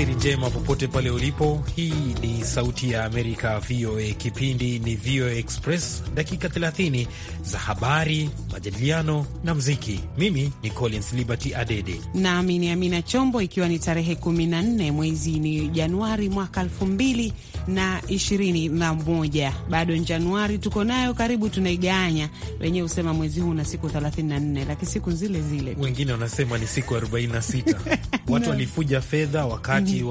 Alasiri njema popote pale ulipo. Hii ni Sauti ya Amerika, VOA. Kipindi ni VOA Express, dakika 30 za habari, majadiliano na mziki. Mimi ni Collins Liberty Adede nami ni Amina Chombo, ikiwa ni tarehe 14 mwezi ni Januari mwaka 2021. Bado ni Januari, tuko nayo karibu, tunaiganya. Wenyewe husema mwezi huu na siku 34, lakini siku zile zile wengine wanasema ni siku 46. Watu walifuja fedha wakati wakati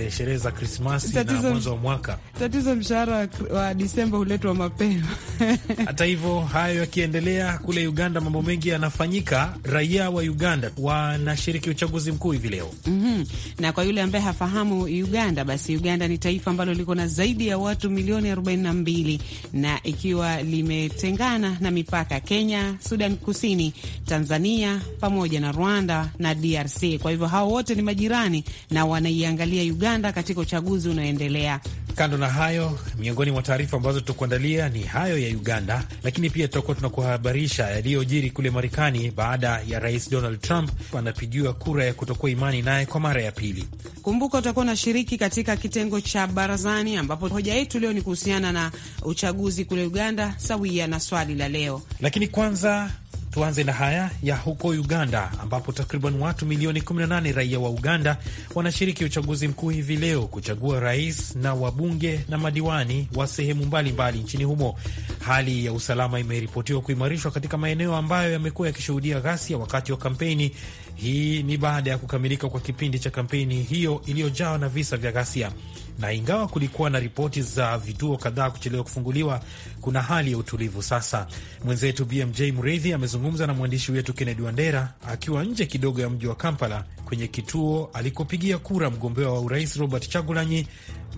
wa sherehe za Krismasi na mwanzo wa mwaka. Tatizo mshahara wa Disemba huletwa mapema. Hata hivyo, hayo yakiendelea kule Uganda, mambo mengi yanafanyika. Raia wa Uganda wanashiriki uchaguzi mkuu hivi leo mm -hmm. na kwa yule ambaye hafahamu Uganda, basi Uganda ni taifa ambalo liko na zaidi ya watu milioni 42 na ikiwa limetengana na mipaka Kenya, Sudan Kusini, Tanzania pamoja na Rwanda na DRC. Kwa hivyo hao wote ni majirani na wa wanaiangalia Uganda katika uchaguzi unaoendelea. Kando na hayo, miongoni mwa taarifa ambazo tutakuandalia ni hayo ya Uganda, lakini pia tutakuwa tunakuhabarisha yaliyojiri kule Marekani baada ya Rais Donald Trump anapigiwa kura ya kutokuwa imani naye kwa mara ya pili. Kumbuka utakuwa na shiriki katika kitengo cha barazani, ambapo hoja yetu leo ni kuhusiana na uchaguzi kule Uganda, sawia na swali la leo. Lakini kwanza Tuanze na haya ya huko Uganda, ambapo takriban watu milioni 18 raia wa Uganda wanashiriki uchaguzi mkuu hivi leo kuchagua rais na wabunge na madiwani wa sehemu mbalimbali nchini humo. Hali ya usalama imeripotiwa kuimarishwa katika maeneo ambayo yamekuwa yakishuhudia ghasia wakati wa kampeni. Hii ni baada ya kukamilika kwa kipindi cha kampeni hiyo iliyojawa na visa vya ghasia na ingawa kulikuwa na ripoti za vituo kadhaa kuchelewa kufunguliwa, kuna hali ya utulivu sasa. Mwenzetu BMJ Mreithi amezungumza na mwandishi wetu Kennedy Wandera akiwa nje kidogo ya mji wa Kampala, kwenye kituo alikopigia kura mgombea wa urais Robert Chagulanyi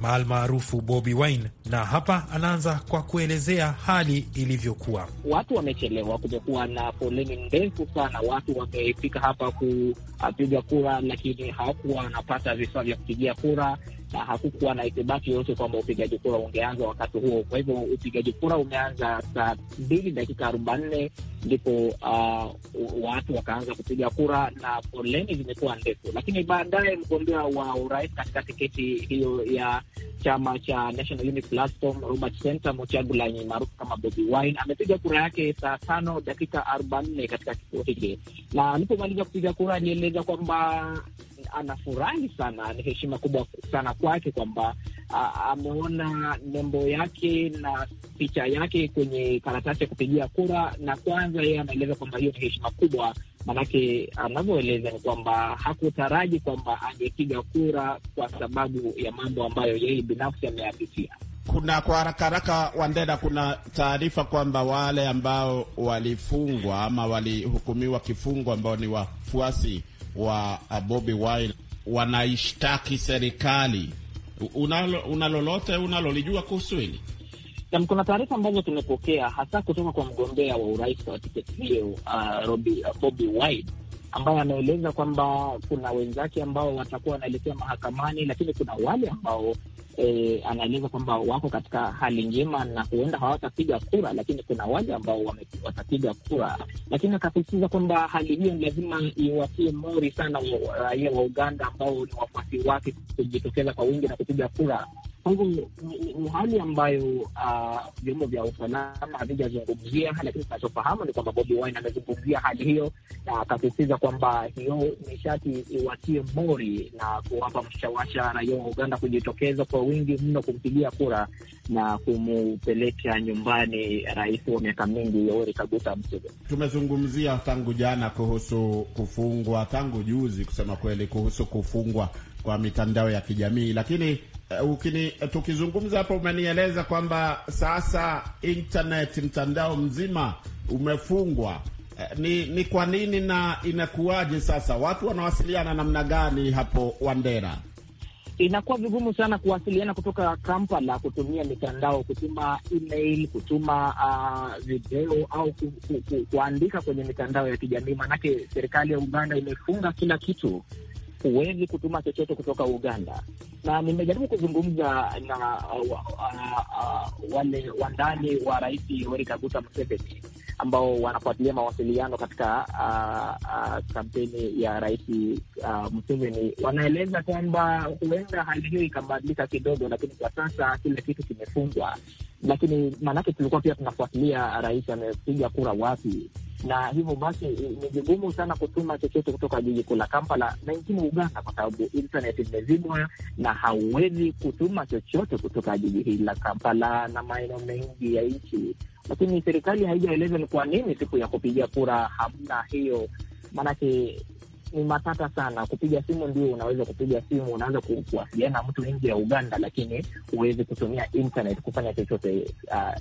maal maarufu Bobi Wine, na hapa anaanza kwa kuelezea hali ilivyokuwa. Watu wamechelewa, kumekuwa na foleni ndefu sana. Watu wamefika hapa kupiga kura, lakini hawakuwa wanapata vifaa vya kupigia kura na hakukuwa na itibati yoyote kwamba upigaji kura ungeanza wakati huo. Kwa hivyo upigaji kura umeanza saa mbili dakika arobaini ndipo uh, watu wakaanza kupiga kura na foleni zimekuwa ndefu, lakini baadaye mgombea wa urais katika tiketi hiyo ya chama cha National Unity Platform Robert maarufu kama Bobi Wine amepiga kura yake saa tano dakika arobaini katika kituo hiki, na alipomaliza kupiga kura alieleza kwamba anafurahi sana, ni heshima kubwa sana kwake kwamba ameona nembo yake na picha yake kwenye karatasi ya kupigia kura. Na kwanza yeye anaeleza kwamba hiyo ni heshima kubwa, maanake anavyoeleza ni kwamba hakutaraji kwamba angepiga kura kwa sababu ya mambo ambayo yeye binafsi ameyapitia. Kuna kwa haraka haraka, Wandera, kuna taarifa kwamba wale ambao walifungwa ama walihukumiwa kifungo ambao ni wafuasi wa uh, Bobi Wine wanaishtaki serikali. Unalo, unalolote unalolijua kuhusu hili? Nam, kuna taarifa ambazo tumepokea hasa kutoka kwa mgombea wa urais wa tiketi hiyo uh, uh, Bobi Wine ambaye ameeleza kwamba kuna wenzake ambao watakuwa wanaelekea mahakamani, lakini kuna wale ambao e, anaeleza kwamba wako katika hali njema na huenda hawatapiga kura, lakini kuna wale ambao watapiga kura. Lakini akasisitiza kwamba hali hiyo ni lazima iwatie mori sana raia wa Uganda ambao ni wafuasi wake kujitokeza kwa wingi na kupiga kura. Kwangu ni hali ambayo ah, vyombo uh, vya usalama havijazungumzia, lakini tunachofahamu ni kwamba Bobi Wine amezungumzia hali hiyo na akasisitiza kwamba hiyo nishati iwatie mori na kuwapa mshawasha raia wa Uganda kujitokeza kwa wingi mno kumpigia kura na kumupeleka nyumbani rais wa miaka mingi Yoweri Kaguta Museveni. Tumezungumzia tangu jana kuhusu kufungwa, tangu juzi kusema kweli, kuhusu kufungwa kwa mitandao ya kijamii, lakini Eh, ukini, eh, tukizungumza hapo umenieleza kwamba sasa internet mtandao mzima umefungwa. Eh, ni, ni kwa nini na inakuwaje sasa? Watu wanawasiliana namna gani hapo Wandera? Inakuwa vigumu sana kuwasiliana kutoka Kampala kutumia mitandao, kutuma email, kutuma uh, video au ku, ku, ku, kuandika kwenye mitandao ya kijamii, maanake serikali ya Uganda imefunga kila kitu huwezi kutuma chochote kutoka Uganda. Na nimejaribu kuzungumza na uh, uh, wale wandani wa Rais Yoweri Kaguta Museveni ambao wanafuatilia mawasiliano katika uh, uh, kampeni ya Rais uh, Museveni, wanaeleza kwamba huenda hali hiyo ikabadilika kidogo, lakini kwa sasa kila kitu kimefungwa lakini maanake tulikuwa pia tunafuatilia rais amepiga kura wapi, na hivyo basi ni vigumu sana kutuma chochote kutoka jiji kuu la Kampala na nchini Uganda kwa sababu internet imezibwa na hauwezi kutuma chochote kutoka jiji hili la Kampala na maeneo mengi ya nchi. Lakini serikali haijaeleza ni kwa nini siku ya kupiga kura hamna hiyo, maanake ni matata sana. Kupiga simu ndio unaweza kupiga simu, unaweza kuwasiliana na mtu nje ya Uganda, lakini huwezi kutumia internet kufanya chochote ah,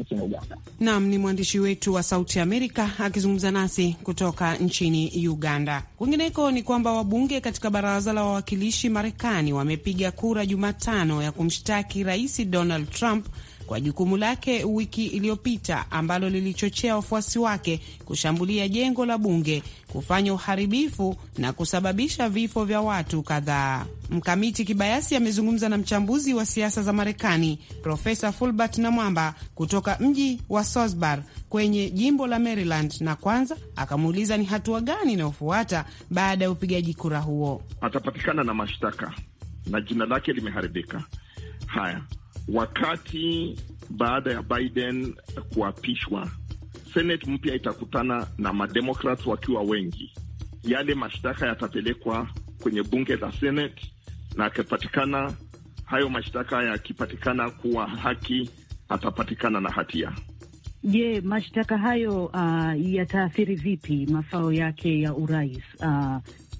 nchini uh, Uganda. Naam, ni mwandishi wetu wa Sauti ya Amerika akizungumza nasi kutoka nchini Uganda. Kwingineko ni kwamba wabunge katika baraza la wawakilishi Marekani wamepiga kura Jumatano ya kumshtaki Rais Donald Trump kwa jukumu lake wiki iliyopita ambalo lilichochea wafuasi wake kushambulia jengo la bunge, kufanya uharibifu na kusababisha vifo vya watu kadhaa. Mkamiti Kibayasi amezungumza na mchambuzi wa siasa za Marekani Profesa Fulbert Namwamba kutoka mji wa Sosbar kwenye jimbo la Maryland, na kwanza akamuuliza ni hatua gani inayofuata baada ya upigaji kura huo. Atapatikana na mashtaka na jina lake limeharibika. Haya, wakati baada ya Biden kuapishwa, senet mpya itakutana na mademokrat wakiwa wengi, yale mashtaka yatapelekwa kwenye bunge la senet na akipatikana hayo mashtaka yakipatikana kuwa haki, atapatikana na hatia. Je, mashtaka hayo uh, yataathiri vipi mafao yake ya urais uh,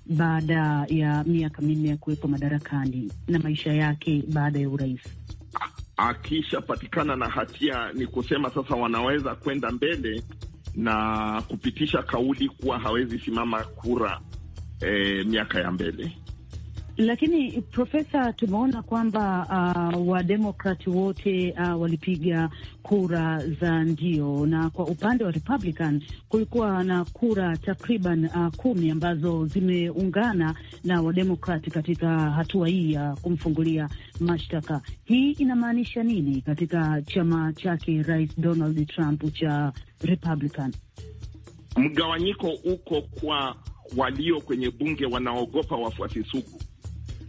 baada ya miaka minne ya kuwepo madarakani na maisha yake baada ya urais? akishapatikana na hatia, ni kusema sasa wanaweza kwenda mbele na kupitisha kauli kuwa hawezi simama kura e, miaka ya mbele. Lakini Profesa, tumeona kwamba uh, wademokrati wote uh, walipiga kura za ndio, na kwa upande wa Republican kulikuwa na kura takriban uh, kumi ambazo zimeungana na wademokrati katika hatua hii ya uh, kumfungulia mashtaka. Hii inamaanisha nini katika chama chake Rais Donald Trump cha Republican? Mgawanyiko uko kwa walio kwenye bunge wanaogopa wafuasi sugu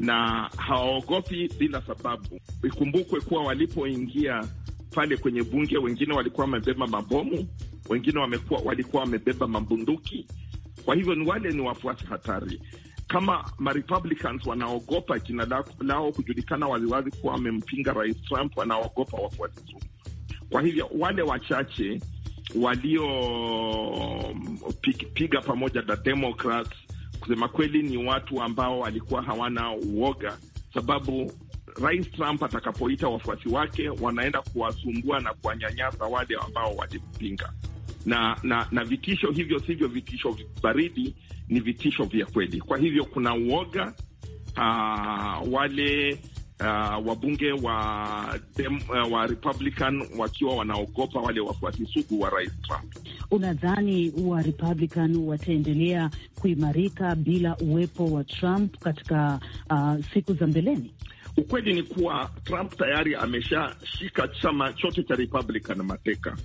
na hawaogopi bila sababu. Ikumbukwe kuwa walipoingia pale kwenye bunge, wengine walikuwa wamebeba mabomu, wengine wamekuwa walikuwa wamebeba mabunduki. Kwa hivyo ni wale ni wafuasi hatari. Kama ma wanaogopa jina lao kujulikana waziwazi kuwa wamempinga Rais Trump, wanaogopa wafuasi Trump. Kwa hivyo wale wachache waliopiga mm, pamoja na Democrats kusema kweli ni watu ambao walikuwa hawana uoga, sababu Rais Trump atakapoita wafuasi wake wanaenda kuwasumbua na kuwanyanyasa wale ambao walimpinga, na, na na vitisho hivyo sivyo vitisho baridi, ni vitisho vya kweli. Kwa hivyo kuna uoga uh, wale Uh, wabunge wa dem, uh, wa Republican wakiwa wanaogopa wale wafuasi sugu wa Rais Trump. Unadhani wa Republican wataendelea kuimarika bila uwepo wa Trump katika uh, siku za mbeleni? Ukweli ni kuwa Trump tayari ameshashika chama chote cha Republican mateka.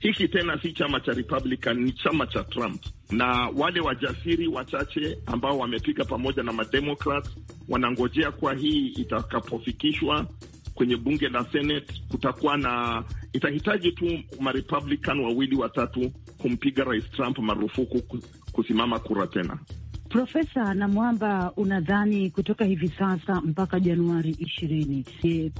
Hiki tena si chama cha Republican, ni chama cha Trump, na wale wajasiri wachache ambao wamepiga pamoja na mademokrat wanangojea kuwa hii itakapofikishwa kwenye bunge la Senate kutakuwa na, itahitaji tu Marepublican wawili watatu kumpiga Rais Trump marufuku kusimama kura tena. Profesa Namwamba, unadhani kutoka hivi sasa mpaka Januari ishirini,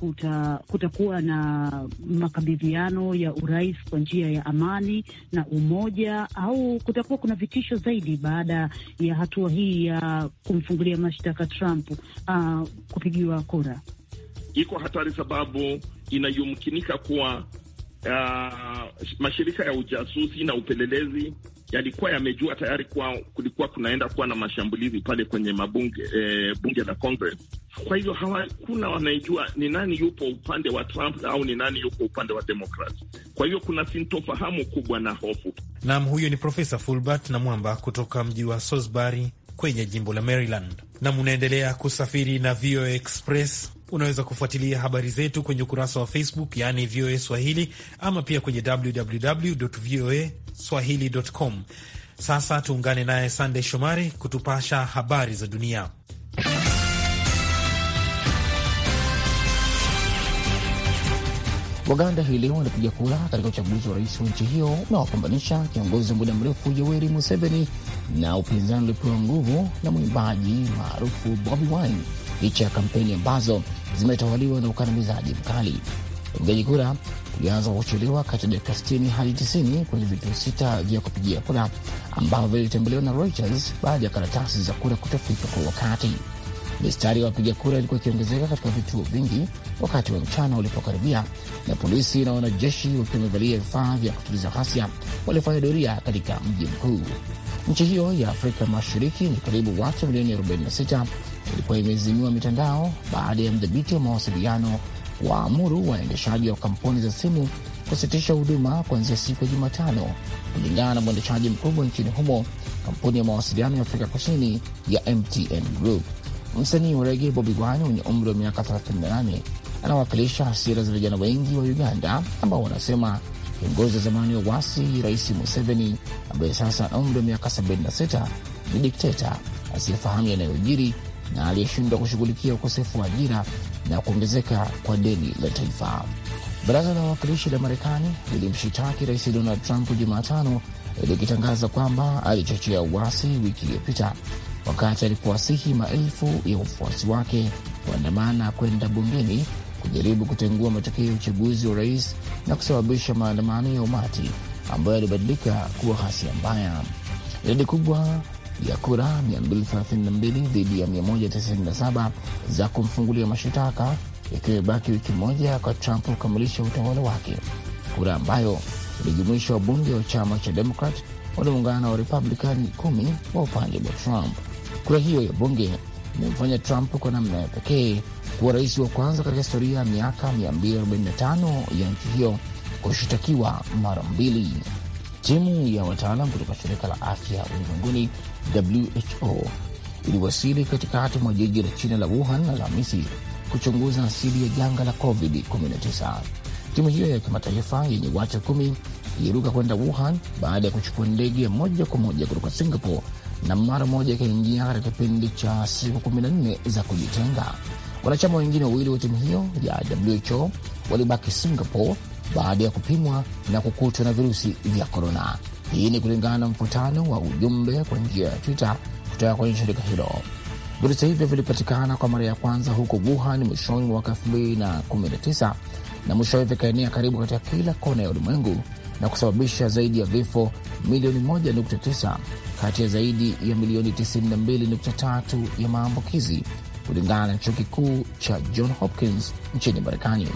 kuta kutakuwa na makabidhiano ya urais kwa njia ya amani na umoja, au kutakuwa kuna vitisho zaidi baada ya hatua hii ya kumfungulia mashtaka Trump uh, kupigiwa kura? iko hatari, sababu inayumkinika kuwa uh, mashirika ya ujasusi na upelelezi yalikuwa yamejua tayari kuwa kulikuwa kunaenda kuwa na mashambulizi pale kwenye mabunge eh, bunge la Congress. Kwa hivyo hawakuna wanaijua ni nani yupo upande wa Trump au ni nani yupo upande wa Demokrat. Kwa hivyo kuna sintofahamu kubwa na hofu. Naam, huyo ni Profesa Fulbert na Mwamba kutoka mji wa Salisbury kwenye jimbo la Maryland. Na munaendelea kusafiri na VOA Express. Unaweza kufuatilia habari zetu kwenye ukurasa wa Facebook, yaani VOA Swahili, ama pia kwenye www voa swahili com. Sasa tuungane naye Sandey Shomari kutupasha habari za dunia. Waganda hii leo wanapiga kura katika uchaguzi wa rais wa nchi hiyo unaopambanisha kiongozi wa muda mrefu Yoweri Museveni na upinzani uliopewa nguvu na mwimbaji maarufu Bobi Wine, licha ya kampeni ambazo zimetawaliwa na ukandamizaji mkali. Upigaji kura ulianza kwa kuchelewa kati ya dakika sitini hadi tisini kwenye vituo sita vya kupigia kura ambavyo vilitembelewa na Reuters baada ya karatasi za kura kutofika kwa wakati. Mistari ya wapiga kura ilikuwa ikiongezeka katika vituo vingi wakati wa mchana ulipokaribia, na polisi na wanajeshi wakiwa wamevalia vifaa vya kutuliza ghasia walifanya doria katika mji mkuu. Nchi hiyo ya Afrika Mashariki ni karibu watu milioni 46 ilikuwa imezimiwa mitandao baada ya mdhibiti wa mawasiliano waamuru waendeshaji wa kampuni za simu kusitisha huduma kuanzia siku ya Jumatano, kulingana na mwendeshaji mkubwa nchini humo, kampuni ya mawasiliano ya Afrika Kusini ya MTN Group. Msanii wa rege Bobi Wine mwenye umri wa miaka 38 anawakilisha hasira za vijana wengi wa Uganda ambao wanasema kiongozi wa zamani wa wasi Rais Museveni ambaye sasa ana umri wa miaka 76 ni dikteta asiyefahamu yanayojiri na aliyeshindwa kushughulikia ukosefu wa ajira na kuongezeka kwa deni la taifa. Baraza la wawakilishi la Marekani lilimshitaki Rais Donald Trump Jumatano likitangaza kwamba alichochea uasi wiki iliyopita wakati alipowasihi maelfu ya wafuasi wake kuandamana kwenda bungeni kujaribu kutengua matokeo ya uchaguzi wa rais na kusababisha maandamano ya umati ambayo yalibadilika kuwa ghasia mbaya. Idadi kubwa ya kura 232 dhidi ya 197 za kumfungulia mashitaka, ikiwa ibaki wiki moja kwa Trump kukamilisha utawala wake, kura ambayo ilijumuisha wabunge wa chama cha Demokrat wanaungana na Warepublikani kumi wa upande wa Trump. Kura hiyo ya bunge imemfanya Trump kwa namna ya pekee kuwa rais wa kwanza katika historia ya miaka 245 ya nchi hiyo kushitakiwa mara mbili. Timu ya wataalam kutoka shirika la afya ulimwenguni WHO iliwasili katikati mwa jiji la China la Wuhan Alhamisi kuchunguza asili ya janga la COVID-19. Timu hiyo ya kimataifa yenye watu kumi iliruka kwenda Wuhan baada ya kuchukua ndege ya moja kwa moja kutoka Singapore na mara moja ikaingia katika kipindi cha siku 14 za kujitenga. Wanachama wengine wawili wa timu hiyo ya WHO walibaki Singapore baada ya kupimwa na kukutwa na virusi vya korona. Hii ni kulingana na mfutano wa ujumbe kwa njia ya Twitter kutoka kwenye shirika hilo. Virusi hivyo vilipatikana kwa mara ya kwanza huko Wuhan mwishoni mwa mwaka 219 na mwishowe vikaenea karibu katika kila kona ya ulimwengu na kusababisha zaidi ya vifo milioni 1.9 kati ya zaidi ya milioni 92.3 ya maambukizi kulingana na chuo kikuu cha John Hopkins nchini Marekani.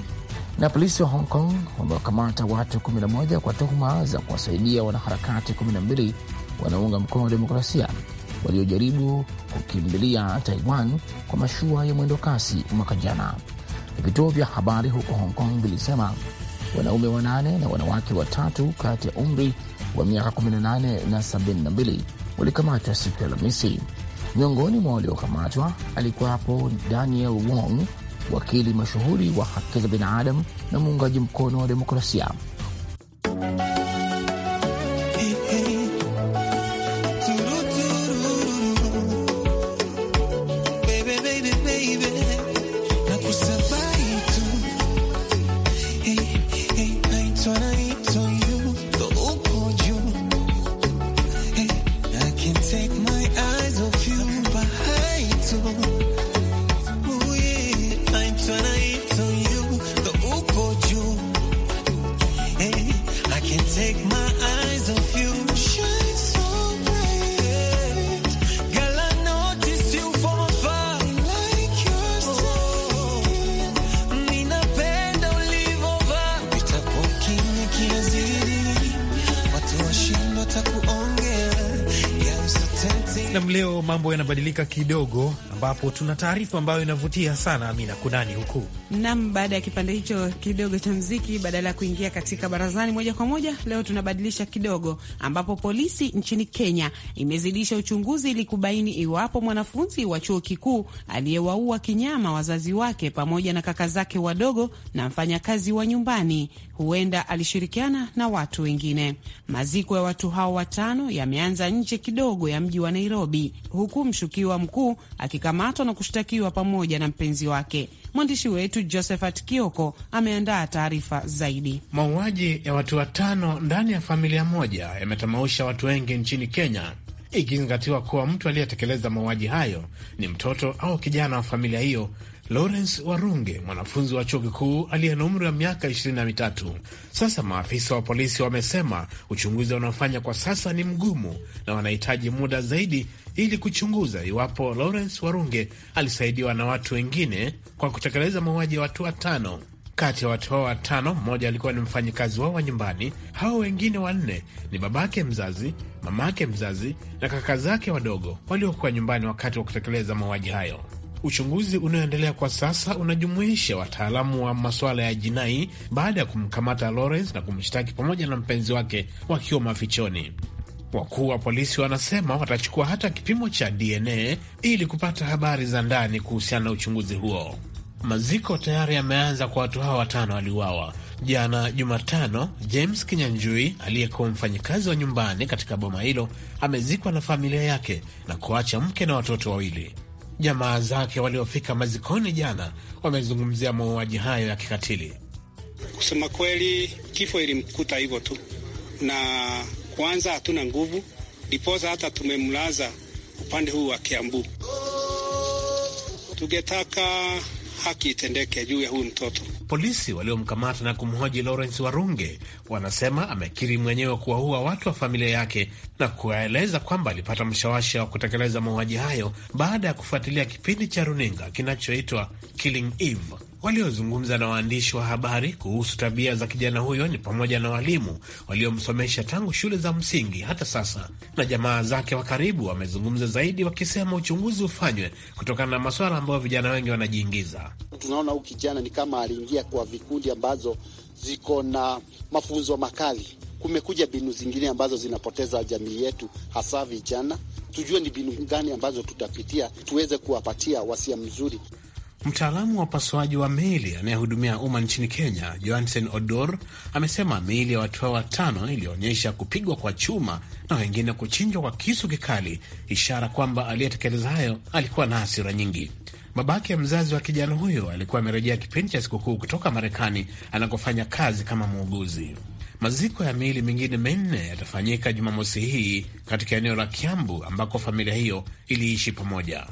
Na polisi wa Hong Kong wamewakamata watu 11 kwa tuhuma za kuwasaidia wanaharakati 12 wanaounga mkono wa demokrasia waliojaribu kukimbilia Taiwan kwa mashua ya mwendo kasi mwaka jana. Vituo vya habari huko Hong Kong vilisema wanaume wanane na wanawake watatu kati ya umri wa miaka 18 na 72 walikamatwa siku ya Alhamisi. Miongoni mwa waliokamatwa alikuwapo Daniel Wong, wakili mashuhuri wa haki za binadamu na muungaji mkono wa demokrasia. kubadilika kidogo, ambapo tuna taarifa ambayo inavutia sana Amina Kunani huku Nam, baada ya kipande hicho kidogo cha mziki, badala ya kuingia katika barazani moja kwa moja, leo tunabadilisha kidogo, ambapo polisi nchini Kenya imezidisha uchunguzi ili kubaini iwapo mwanafunzi wa chuo kikuu aliyewaua kinyama wazazi wake pamoja na kaka zake wadogo na mfanyakazi wa nyumbani huenda alishirikiana na watu wengine. Maziko ya watu hao watano yameanza nje kidogo ya mji wa Nairobi, huku mshukiwa mkuu akikamatwa na kushtakiwa pamoja na mpenzi wake. Mwandishi wetu Josephat Kioko ameandaa taarifa zaidi. Mauaji ya watu watano ndani ya familia moja yametamausha watu wengi nchini Kenya, ikizingatiwa kuwa mtu aliyetekeleza mauaji hayo ni mtoto au kijana wa familia hiyo Lawrence Warunge, mwanafunzi wa chuo kikuu aliye na umri wa miaka ishirini na mitatu. Sasa maafisa wa polisi wamesema uchunguzi wanaofanya kwa sasa ni mgumu na wanahitaji muda zaidi ili kuchunguza iwapo Lawrence Warunge alisaidiwa na watu wengine kwa kutekeleza mauaji ya watu watano. Kati ya watu hao watano, mmoja alikuwa ni mfanyikazi wao wa nyumbani. Hao wengine wanne ni babake mzazi, mamake mzazi na kaka zake wadogo waliokuwa nyumbani wakati wa kutekeleza mauaji hayo. Uchunguzi unaoendelea kwa sasa unajumuisha wataalamu wa masuala ya jinai baada ya kumkamata Lawrence na kumshtaki pamoja na mpenzi wake wakiwa mafichoni. Wakuu wa polisi wanasema watachukua hata kipimo cha DNA ili kupata habari za ndani kuhusiana na uchunguzi huo. Maziko tayari yameanza kwa watu hawa watano waliuawa jana Jumatano. James Kinyanjui aliyekuwa mfanyikazi wa nyumbani katika boma hilo amezikwa na familia yake na kuacha mke na watoto wawili. Jamaa zake waliofika mazikoni jana wamezungumzia mauaji hayo ya kikatili. Kusema kweli, kifo ilimkuta hivyo tu, na kwanza hatuna nguvu, ndiposa hata tumemlaza upande huu wa Kiambu. Tungetaka haki itendeke juu ya huyu mtoto. Polisi waliomkamata na kumhoji Lawrence Warunge wanasema amekiri mwenyewe kuwaua watu wa familia yake na kuwaeleza kwamba alipata mshawasha wa kutekeleza mauaji hayo baada ya kufuatilia kipindi cha runinga kinachoitwa Killing Eve. Waliozungumza na waandishi wa habari kuhusu tabia za kijana huyo ni pamoja na walimu waliomsomesha tangu shule za msingi hata sasa, na jamaa zake wa karibu wamezungumza zaidi, wakisema uchunguzi ufanywe kutokana na maswala ambayo vijana wengi wanajiingiza. Tunaona huu kijana ni kama aliingia kwa vikundi ambazo ziko na mafunzo makali. Kumekuja mbinu zingine ambazo zinapoteza jamii yetu, hasa vijana. Tujue ni mbinu gani ambazo tutapitia tuweze kuwapatia wasia mzuri. Mtaalamu wa upasuaji wa miili anayehudumia umma nchini Kenya, Johansen Odor, amesema miili ya watu hao watano ilionyesha kupigwa kwa chuma na wengine kuchinjwa kwa kisu kikali, ishara kwamba aliyetekeleza hayo alikuwa na hasira nyingi. Babake ya mzazi wa kijana huyo alikuwa amerejea kipindi cha sikukuu kutoka Marekani anakofanya kazi kama muuguzi. Maziko ya miili mingine minne yatafanyika Jumamosi hii katika eneo la Kiambu ambako familia hiyo iliishi pamoja.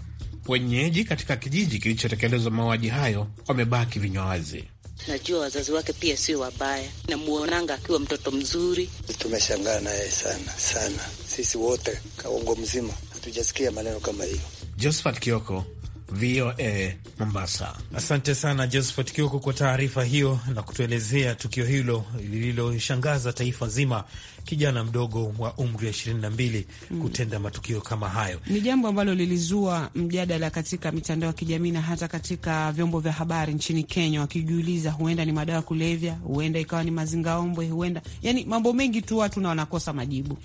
Wenyeji katika kijiji kilichotekelezwa mauaji hayo wamebaki vinywa wazi. Najua wazazi wake pia sio wabaya, namuonanga akiwa mtoto mzuri. Tumeshangaa naye sana sana, sisi wote kaongo mzima hatujasikia maneno kama hiyo. Josephat Kioko, VOA Mombasa. Asante sana Josephat Kioko kwa taarifa hiyo na kutuelezea tukio hilo lililoshangaza taifa zima kijana mdogo wa umri wa ishirini na mbili kutenda matukio kama hayo. Ni jambo ambalo lilizua mjadala katika mitandao ya kijamii na hata katika vyombo vya habari nchini Kenya, wakijiuliza huenda ni madawa kulevya, huenda ikawa ni mazingaombwe, huenda yani mambo mengi tu watu na wanakosa majibu.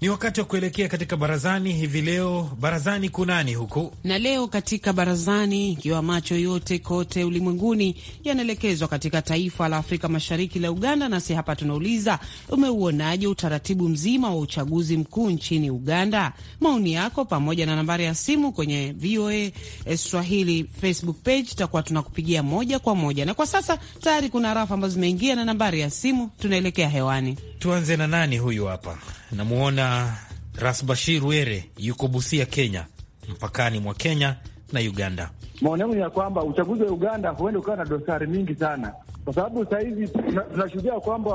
Ni wakati wa kuelekea katika barazani hivi leo. Barazani kunani huku na leo katika barazani, ikiwa macho yote kote ulimwenguni yanaelekezwa katika taifa la Afrika Mashariki la Uganda, nasi hapa tunauliza umeuonaje utaratibu mzima wa uchaguzi mkuu nchini Uganda? Maoni yako pamoja na nambari ya simu kwenye VOA eh, Swahili Facebook page, tutakuwa tunakupigia moja kwa moja. Na kwa sasa tayari kuna rafu ambazo zimeingia na nambari ya simu, tunaelekea hewani. Tuanze na nani huyu hapa, namwona rasbashir Were, yuko Busia, Kenya, mpakani mwa Kenya na Uganda. Maoni yangu ni ya kwamba uchaguzi wa Uganda huenda ukawa na dosari mingi sana, kwa sababu saa hizi tunashuhudia kwamba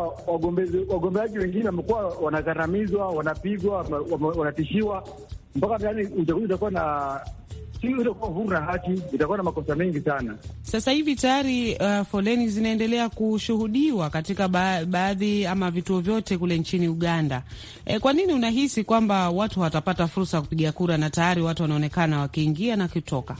wagombeaji wengine wamekuwa wanagaramizwa wanapigwa, wanatishiwa mpaka yani uchaguzi utakuwa na timu itakuwa huru hati, itakuwa na makosa mengi sana. Sasa hivi tayari uh, foleni zinaendelea kushuhudiwa katika ba baadhi ama vituo vyote kule nchini Uganda. E, kwa nini unahisi kwamba watu watapata fursa ya kupiga kura na tayari watu wanaonekana wakiingia na kutoka?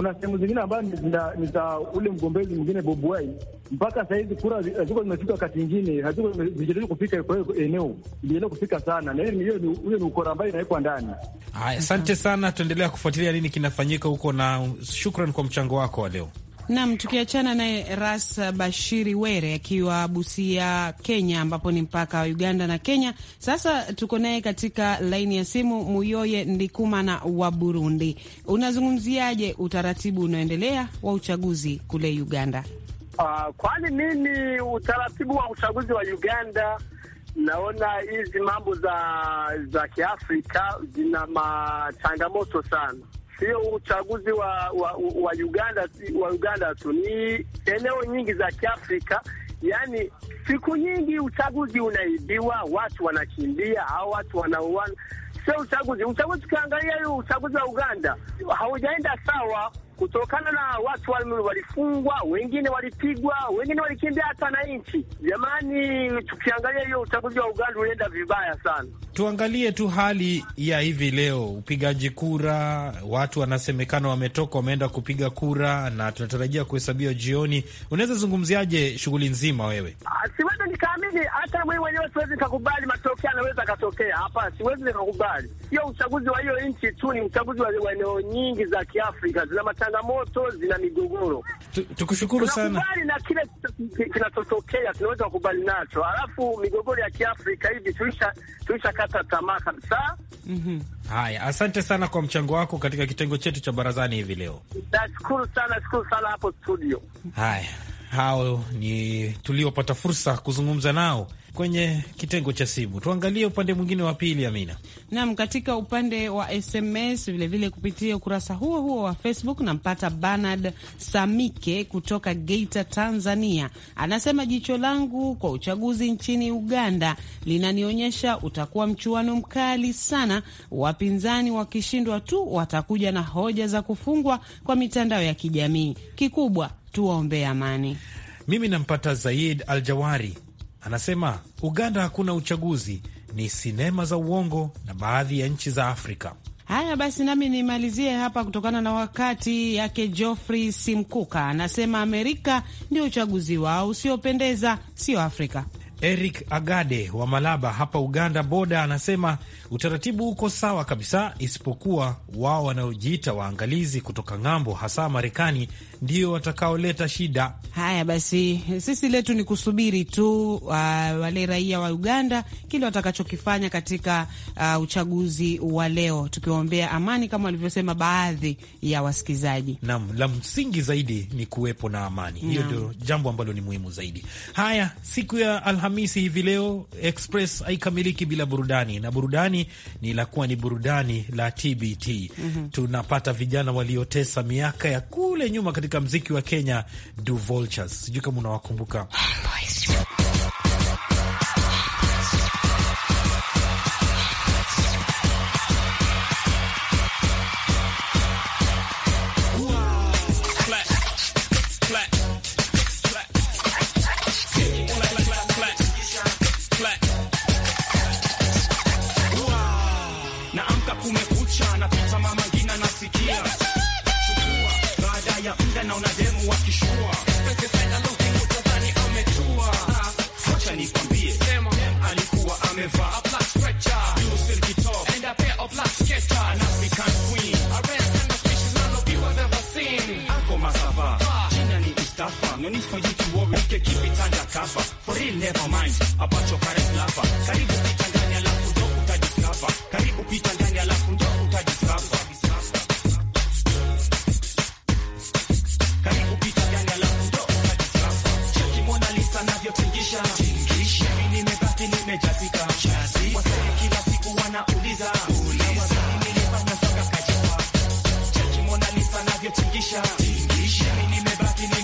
kuna sehemu zingine ambayo ni za ule mgombezi mwingine Bobi Wine, mpaka sahizi kura haziko zimefika, wakati ingine haziko kufika kwa hiyo eneo ilieneo kufika sana, na hiyo ni ukora ambayo inawekwa ndani. Haya, asante sana, tuendelea kufuatilia nini kinafanyika huko, na shukran kwa mchango wako wa leo. Nam, tukiachana naye Ras Bashiri Were akiwa Busia, Kenya, ambapo ni mpaka wa Uganda na Kenya. Sasa tuko naye katika laini ya simu Muyoye Ndikumana wa Burundi. Unazungumziaje utaratibu unaoendelea wa uchaguzi kule Uganda? Uh, kwani mimi utaratibu wa uchaguzi wa Uganda naona hizi mambo za za Kiafrika zina machangamoto sana Sio uchaguzi wa, wa, wa Uganda wa Uganda tu, ni eneo nyingi za Kiafrika. Yani siku nyingi uchaguzi unaibiwa, watu wanakimbia au watu wanauana. Sio uchaguzi. Uchaguzi ukiangalia hiyo uchaguzi wa Uganda haujaenda sawa kutokana na watu walifungwa, wengine walipigwa, wengine walikimbia hata na nchi. Jamani, tukiangalia hiyo uchaguzi wa Uganda ulienda vibaya sana. Tuangalie tu hali ya hivi leo, upigaji kura. Watu wanasemekana wametoka wameenda kupiga kura na tunatarajia kuhesabiwa jioni. Unaweza zungumziaje shughuli nzima wewe? Ah, siwezi nikaamini, hata mimi mwenyewe siwezi nikakubali matokeo, anaweza akatokea hapa, siwezi nikakubali. Hiyo uchaguzi wa hiyo nchi tu, ni uchaguzi wa eneo nyingi za Kiafrika zina changamoto, zina migogoro. Tukushukuru sana. Tunakubali na kile kinachotokea, tunaweza kukubali nacho, alafu migogoro ya Kiafrika hivi tuisha tuisha kata tamaa kabisa. Mm-hmm. Haya, asante sana kwa mchango wako katika kitengo chetu cha barazani hivi leo. Nashukuru sana, shukuru sana hapo studio. Haya, hao ni tuliopata fursa kuzungumza nao kwenye kitengo cha simu. Tuangalie upande mwingine wa pili, Amina. Naam, katika upande wa SMS vilevile vile kupitia ukurasa huo huo wa Facebook nampata Bernard Samike kutoka Geita, Tanzania. Anasema jicho langu kwa uchaguzi nchini Uganda linanionyesha utakuwa mchuano mkali sana. Wapinzani wakishindwa tu watakuja na hoja za kufungwa kwa mitandao ya kijamii. Kikubwa tuwaombee amani. Mimi nampata Zaid Aljawari Anasema Uganda hakuna uchaguzi, ni sinema za uongo na baadhi ya nchi za Afrika. Haya basi, nami nimalizie hapa kutokana na wakati yake. Geoffrey Simkuka anasema Amerika ndio uchaguzi wao usiopendeza, sio Afrika. Eric Agade wa Malaba hapa Uganda boda anasema utaratibu uko sawa kabisa, isipokuwa wao wanaojiita waangalizi kutoka ng'ambo, hasa Marekani, ndio watakaoleta shida. Haya basi, sisi letu ni kusubiri tu uh, wale raia wa Uganda kile watakachokifanya katika uh, uchaguzi wa leo, tukiwaombea amani kama walivyosema baadhi ya wasikizaji. Naam, la msingi zaidi ni kuwepo na amani, hiyo ndio jambo ambalo ni muhimu zaidi. Haya, siku ya Alhamisi hivi leo Express haikamiliki bila burudani, na burudani ni kuwa ni burudani la TBT. mm -hmm. Tunapata vijana waliotesa miaka ya kule nyuma katika katika mziki wa Kenya, Du Vultures, sijui kama unawakumbuka. Ah,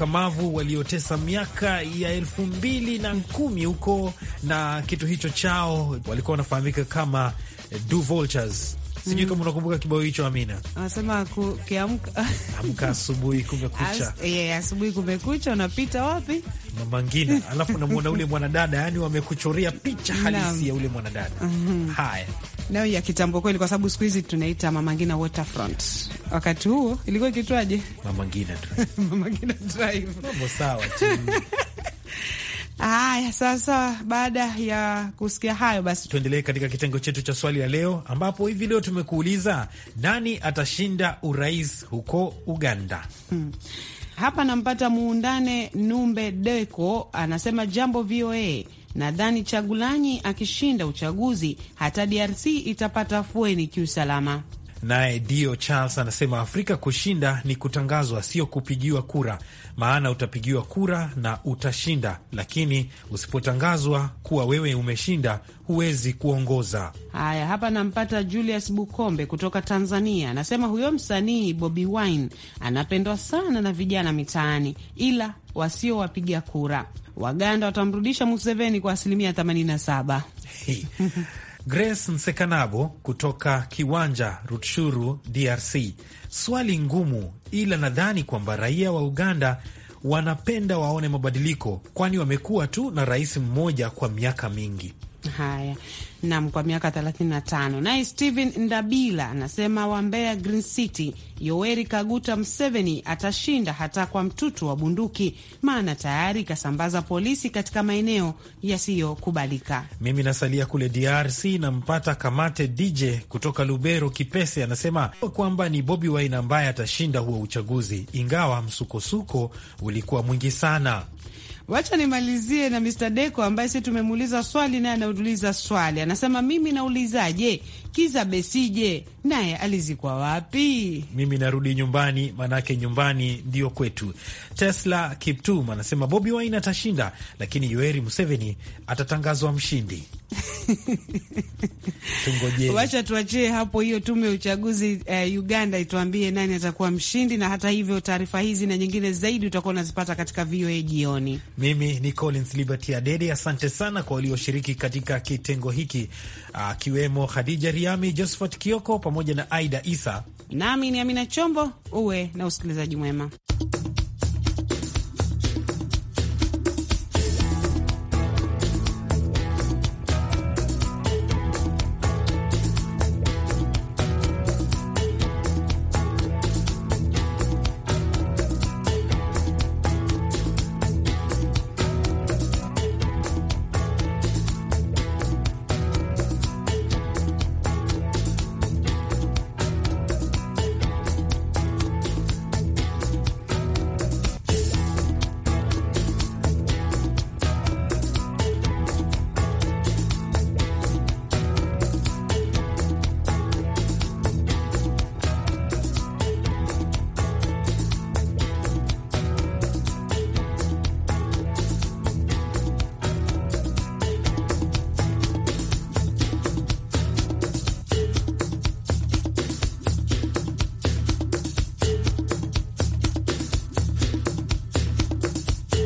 wakamavu waliotesa miaka ya elfu mbili na kumi huko, na kitu hicho chao walikuwa wanafahamika kama eh, Du Vultures. Sijui kama mm. unakumbuka kibao hicho Amina, anasema kiamka amka asubuhi kumekucha. Yeah, asubuhi kumekucha, unapita wapi mama ngina, alafu namwona ule mwanadada, yani wamekuchoria picha halisi ya ule mwanadada. Mhm. Haya nayo ya kitambo kweli, kwa sababu siku hizi tunaita Mama Ngina Waterfront. Wakati huo ilikuwa ikitwaje? Mama Ngina Drive. Mama Ngina Drive. Mambo sawa tu. Haya, sasa baada ya kusikia hayo basi, tuendelee katika kitengo chetu cha swali la leo, ambapo hivi leo tumekuuliza nani atashinda urais huko Uganda? hmm. Hapa nampata Muundane Numbe Deko anasema, jambo VOA Nadhani Chagulanyi akishinda uchaguzi hata DRC itapata afueni kiusalama. Naye Dio Charles anasema Afrika kushinda ni kutangazwa, sio kupigiwa kura, maana utapigiwa kura na utashinda, lakini usipotangazwa kuwa wewe umeshinda huwezi kuongoza. Haya, hapa nampata Julius Bukombe kutoka Tanzania, anasema huyo msanii Bobi Wine anapendwa sana na vijana mitaani, ila wasiowapiga kura. Waganda watamrudisha Museveni kwa asilimia 87. Grace Nsekanabo kutoka Kiwanja Rutshuru, DRC. Swali ngumu, ila nadhani kwamba raia wa Uganda wanapenda waone mabadiliko, kwani wamekuwa tu na rais mmoja kwa miaka mingi. Haya, nam kwa miaka 35. Naye Steven Ndabila anasema Wambea Green City, Yoweri Kaguta Museveni atashinda hata kwa mtutu wa bunduki, maana tayari ikasambaza polisi katika maeneo yasiyokubalika. Mimi nasalia kule DRC, nampata Kamate DJ kutoka Lubero Kipese, anasema kwamba ni Bobi Wine ambaye atashinda huo uchaguzi, ingawa msukosuko ulikuwa mwingi sana. Wacha nimalizie na Mr Deko ambaye si tumemuuliza swali naye anauliza swali, anasema mimi naulizaje, Kiza Besije naye alizikwa wapi? Mimi narudi nyumbani, manake nyumbani ndio kwetu. Tesla Kiptum anasema Bobi Wine atashinda, lakini Yoeri Museveni atatangazwa mshindi. Tungojeni, wacha tuachie hapo hiyo tume ya uchaguzi eh, Uganda ituambie nani atakuwa mshindi. Na hata hivyo, taarifa hizi na nyingine zaidi utakuwa unazipata katika VOA Jioni. Mimi ni Collins Liberty Adede, asante sana kwa walioshiriki katika kitengo hiki, akiwemo uh, Khadija Mariami Josephat Kioko pamoja na Aida Isa, nami ni Amina Chombo. Uwe na usikilizaji mwema.